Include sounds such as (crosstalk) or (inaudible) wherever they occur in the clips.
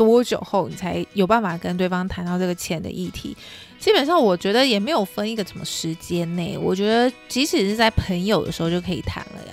多久後你才有辦法跟對方談到這個錢的議題？基本上我覺得也沒有分一個什麼時間內，我覺得即使是在朋友的時候就可以談了呀。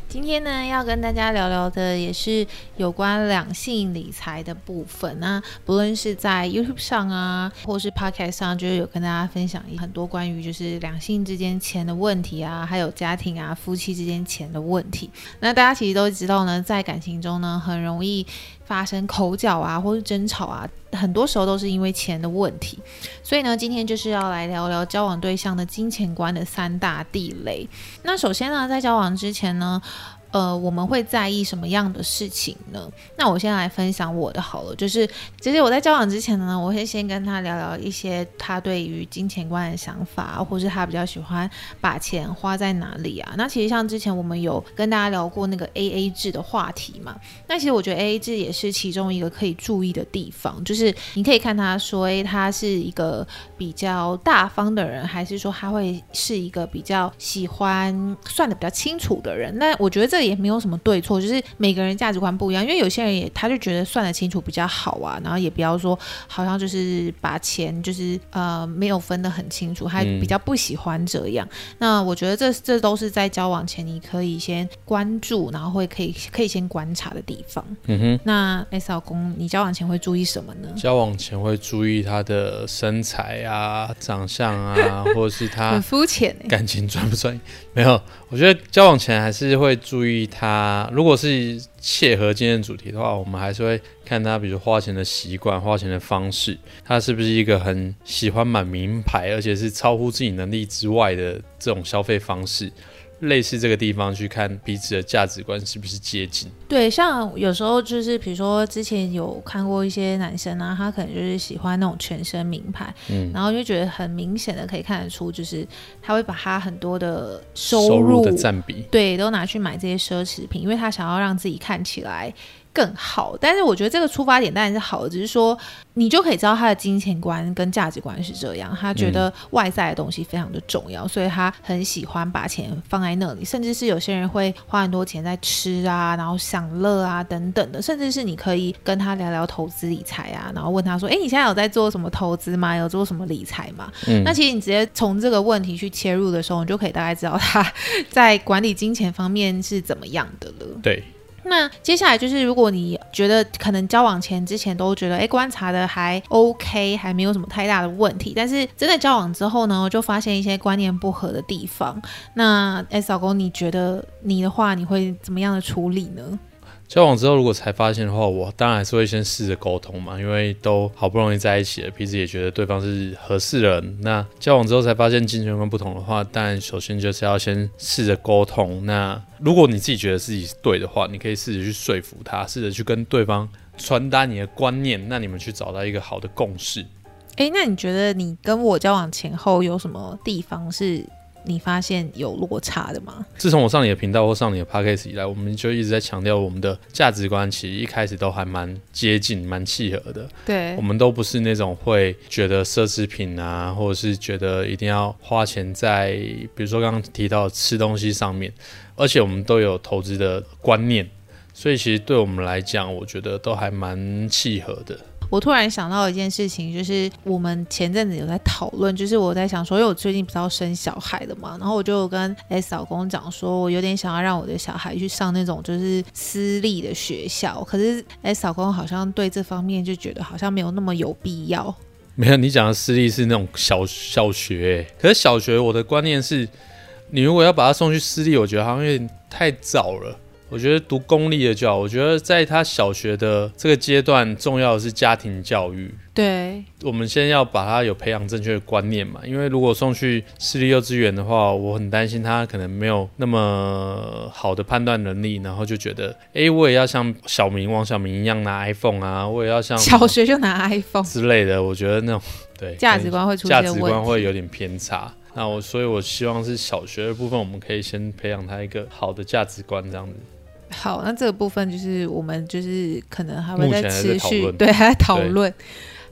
今天呢，要跟大家聊聊的也是有關兩性理財的部分啊。那不論是在 YouTube 上啊，或是 Podcast 上，就是有跟大家分享很多關於就是兩性之間錢的問題啊，還有家庭啊、夫妻之間錢的問題。那大家其實都知道呢，在感情中呢，很容易發生口角啊，或是爭吵啊，很多時候都是因為錢的問題。所以呢，今天就是要來聊聊交往對象的金錢觀的三大地雷。那首先呢，在交往之前呢，呃，我們會在意什麼樣的事情呢？那我先來分享我的好了，就是其實我在交往之前呢，我會先跟他聊聊一些他對於金錢觀的想法，或是他比較喜歡把錢花在哪裡啊。那其實像之前我們有跟大家聊過那個 AA 制的話題嘛，那其實我覺得 AA 制也是其中一個可以注意的地方，就是你可以看他說，欸，他是一個比較大方的人，還是說他會是一個比較喜歡算得比較清楚的人？那我覺得這個。也沒有什麼對錯，就是每個人價值觀不一樣。因為有些人也，他就覺得算得清楚比較好啊，然後也不要說，好像就是把錢就是呃沒有分得很清楚，他比較不喜歡這樣，嗯。那我覺得這這都是在交往前你可以先關注，然後會可以可以先觀察的地方。嗯哼。那 S 老，欸，公，你交往前會注意什麼呢？交往前會注意他的身材啊、長相啊，或者是他 (laughs) 很膚淺，欸，感情專不專一？沒有，我覺得交往前還是會注意。他如果是切合今天的主題的話，我們還是會看他，比如花錢的習慣、花錢的方式，他是不是一個很喜歡買名牌，而且是超乎自己能力之外的這種消費方式。類似這個地方去看彼此的價值觀是不是接近？對，像有時候就是比如說之前有看過一些男生啊，他可能就是喜歡那種全身名牌，嗯，然後就覺得很明顯的可以看得出，就是他會把他很多的收入，收入的佔比，對，都拿去買這些奢侈品，因為他想要讓自己看起來。更好，但是我覺得這個出發點當然是好的，只、就是說你就可以知道他的金錢觀跟價值觀是這樣，他覺得外在的東西非常的重要、嗯，所以他很喜歡把錢放在那裡，甚至是有些人會花很多錢在吃啊，然後享樂啊等等的，甚至是你可以跟他聊聊投資理財啊，然後問他說：“哎、欸，你現在有在做什麼投資嗎？有做什麼理財嗎、嗯？”那其實你直接從這個問題去切入的時候，你就可以大概知道他在管理金錢方面是怎麼樣的了。對。那接下來就是，如果你覺得可能交往前之前都覺得哎，觀察的還 OK，還沒有什麼太大的問題，但是真的交往之後呢，我就發現一些觀念不合的地方。那哎，老公，你覺得你的話，你會怎麼樣的處理呢？交往之後，如果才發現的話，我當然還是會先試着溝通嘛，因為都好不容易在一起了，彼此也覺得對方是合適人。那交往之後才發現金錢觀不同的話，但首先就是要先試着溝通。那如果你自己覺得自己是對的話，你可以試着去說服他，試着去跟對方傳達你的觀念，那你們去找到一個好的共識。哎、欸，那你覺得你跟我交往前後有什麼地方是？你發現有落差的嗎？自從我上你的頻道或上你的 podcast 以來，我們就一直在強調我們的價值觀，其實一開始都還蠻接近，蠻契合的。對，我們都不是那種會覺得奢侈品啊，或者是覺得一定要花錢在，比如說剛剛提到吃東西上面，而且我們都有投資的觀念，所以其實對我們來講，我覺得都還蠻契合的。我突然想到一件事情，就是我們前陣子有在討論，就是我在想說，因為我最近不是要生小孩了嘛，然後我就跟 S 老公講說，我有點想要讓我的小孩去上那種就是私立的學校，可是 S 老公好像對這方面就覺得好像沒有那麼有必要。沒有，你講的私立是那種小小學，欸，可是小學我的觀念是，你如果要把他送去私立，我覺得好像有點太早了。我覺得讀公立的就好。我覺得在他小學的這個階段，重要的是家庭教育。對，我們先要把他有培養正確的觀念嘛。因為如果送去私立幼稚園的話，我很擔心他可能沒有那麼好的判斷能力，然後就覺得，哎、欸，我也要像小明王小明一樣拿 iPhone 啊，我也要像小學就拿 iPhone 之類的。我覺得那種對價值觀會出現價值觀會有點偏差。那我所以我希望是小學的部分，我們可以先培養他一個好的價值觀，這樣子。好，那這個部分就是我們就是可能還會再持續，對，還在討論。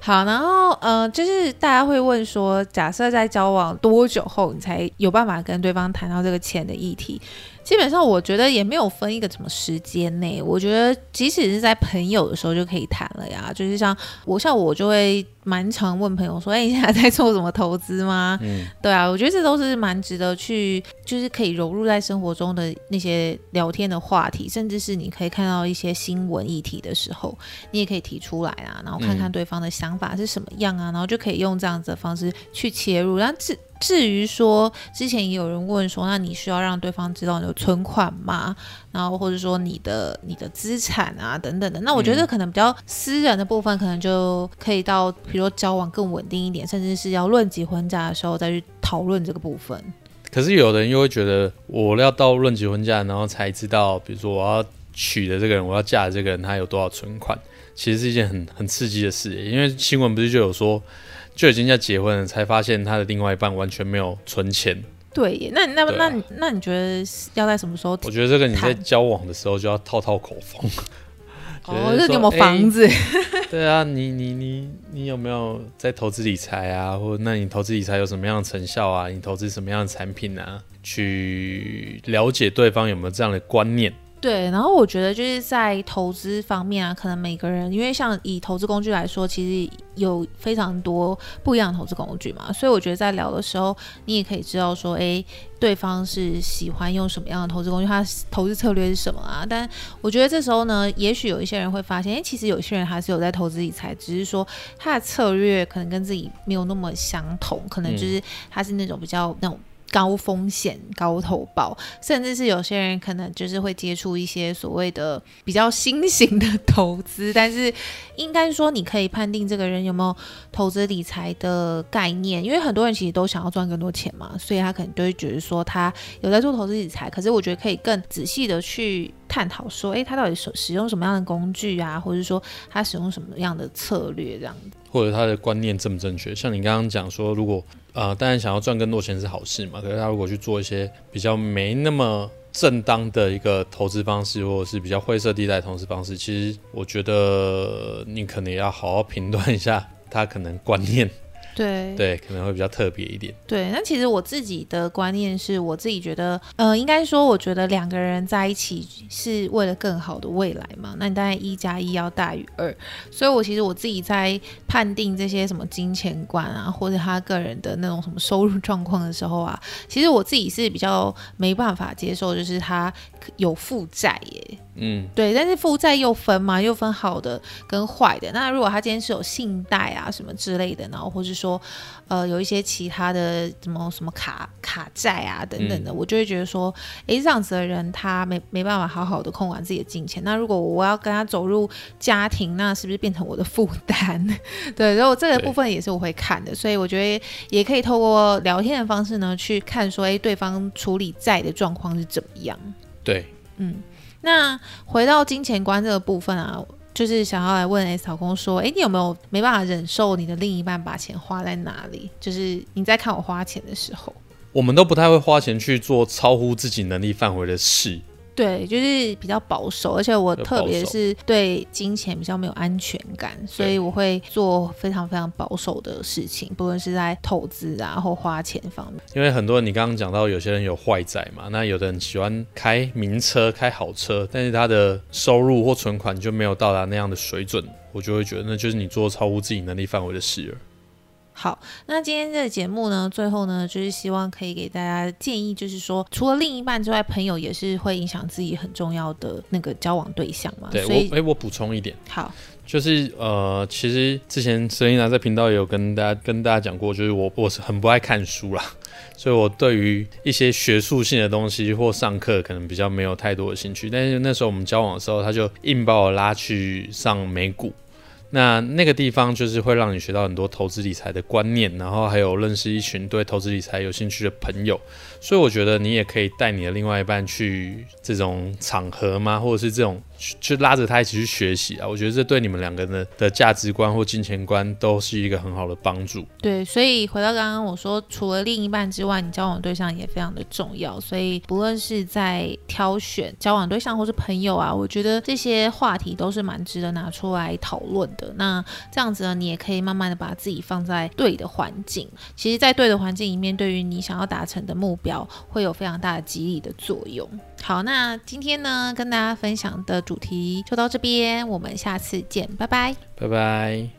好，然後嗯、呃，就是大家會問說，假設在交往多久後，你才有辦法跟對方談到這個錢的議題？基本上我覺得也沒有分一個什麼時間內，我覺得即使是在朋友的時候就可以談了呀。就是像我，像我就會蠻常問朋友說：“哎、欸，你現在在做什麼投資嗎？”嗯，對啊，我覺得這都是蠻值得去，就是可以融入在生活中的那些聊天的話題，甚至是你可以看到一些新聞議題的時候，你也可以提出來啊，然後看看對方的想法是什麼樣啊，嗯、然後就可以用這樣子的方式去切入，然後至於說之前也有人問說，那你需要讓對方知道你的存款嗎？然後或者說你的你的資產啊等等的，那我覺得可能比較私人的部分，嗯、可能就可以到比如說交往更穩定一點，甚至是要論及婚嫁的時候再去討論這個部分。可是有的人又會覺得，我要到論及婚嫁，然後才知道，比如說我要娶的這個人，我要嫁的這個人，他有多少存款？其實是一件很很刺激的事，因為新聞不是就有說，就已經要結婚了，才發現他的另外一半完全沒有存錢。對耶，那那、啊、那你那你覺得要在什麼時候？我覺得這個你在交往的時候就要套套口風。哦， (laughs) 就是你有沒有房子？欸、對啊，你你你你有沒有在投資理財啊？或者 (laughs) 那你投資理財有什麼樣的成效啊？你投資什麼樣的產品啊？去了解對方有沒有這樣的觀念。對，然後我覺得就是在投資方面啊，可能每個人，因為像以投資工具來說，其實有非常多不一樣的投資工具嘛，所以我覺得在聊的時候，你也可以知道說，哎，對方是喜歡用什麼樣的投資工具，他投資策略是什麼啊？但我覺得這時候呢，也許有一些人會發現，哎，其實有些人還是有在投資理財，只是說他的策略可能跟自己沒有那麼相同，可能就是他是那種比較那種。高風險、高投報，甚至是有些人可能就是會接觸一些所謂的比較新型的投資，但是應該說你可以判定這個人有沒有投資理財的概念，因為很多人其實都想要賺更多錢嘛，所以他可能就會覺得說他有在做投資理財，可是我覺得可以更仔細的去探討說，哎，他到底使使用什麼樣的工具啊，或者說他使用什麼樣的策略這樣子，或者他的觀念正不正確？像你剛剛講說，如果呃，當然想要賺更多錢是好事嘛。可是他如果去做一些比較沒那麼正當的一個投資方式，或者是比較灰色地帶投資方式，其實我覺得你可能也要好好評斷一下他可能觀念。對對，可能會比較特別一點。對，那其實我自己的觀念是我自己覺得，呃，應該說，我覺得兩個人在一起是為了更好的未來嘛。那你當然一加一要大於二，所以我其實我自己在判定這些什麼金錢觀啊，或者他個人的那種什麼收入狀況的時候啊，其實我自己是比較沒辦法接受，就是他有負債耶。嗯，對，但是負債又分嘛，又分好的跟壞的。那如果他今天是有信貸啊什麼之類的，然後或是說說，呃，有一些其他的什麼什麼卡卡債啊等等的，嗯，我就會覺得說，誒、欸，這樣子的人他沒沒辦法好好的控管自己的金錢。那如果我要跟他走入家庭，那是不是變成我的負擔？ (laughs) 對，然後這個部分也是我會看的，所以我覺得也可以透過聊天的方式呢，去看說，誒、欸，對方處理債的狀況是怎麼樣？對，嗯，那回到金錢觀這個部分啊。就是想要來問 S 老公說，哎、欸，你有沒有沒辦法忍受你的另一半把錢花在哪裡？就是你在看我花錢的時候，我們都不太會花錢去做超乎自己能力範圍的事。對，就是比較保守，而且我特別是對金錢比較沒有安全感，所以我會做非常非常保守的事情，不論是在投資啊或花錢方面。因為很多人，你剛剛講到有些人有壞債嘛，那有的人喜歡開名車、開好車，但是他的收入或存款就沒有到達那樣的水準，我就會覺得那就是你做超乎自己能力範圍的事兒。好，那今天這個節目呢，最後呢，就是希望可以給大家建議，就是說，除了另一半之外，朋友也是會影響自己很重要的那個交往對象嘛。對，我哎，我補、欸、充一點，好，就是呃，其實之前孫英達在頻道也有跟大家跟大家講過，就是我我是很不愛看書啦，所以我對於一些學術性的東西或上課可能比較沒有太多的興趣。但是那時候我們交往的時候，他就硬把我拉去上美股。那那個地方就是會讓你學到很多投資理財的觀念，然後還有認識一群對投資理財有興趣的朋友，所以我覺得你也可以帶你的另外一半去這種場合嗎？或者是這種。去拉着他一起去學習啊！我覺得這對你們兩個人的價值觀或金錢觀都是一個很好的幫助。對，所以回到剛剛我說，除了另一半之外，你交往對象也非常的重要。所以不論是在挑選交往對象或是朋友啊，我覺得這些話題都是蠻值得拿出來討論的。那這樣子呢，你也可以慢慢的把自己放在對的環境。其實，在對的環境裡面，對於你想要達成的目標，會有非常大的激勵的作用。好，那今天呢，跟大家分享的主題就到這邊，我們下次見，拜拜，拜拜。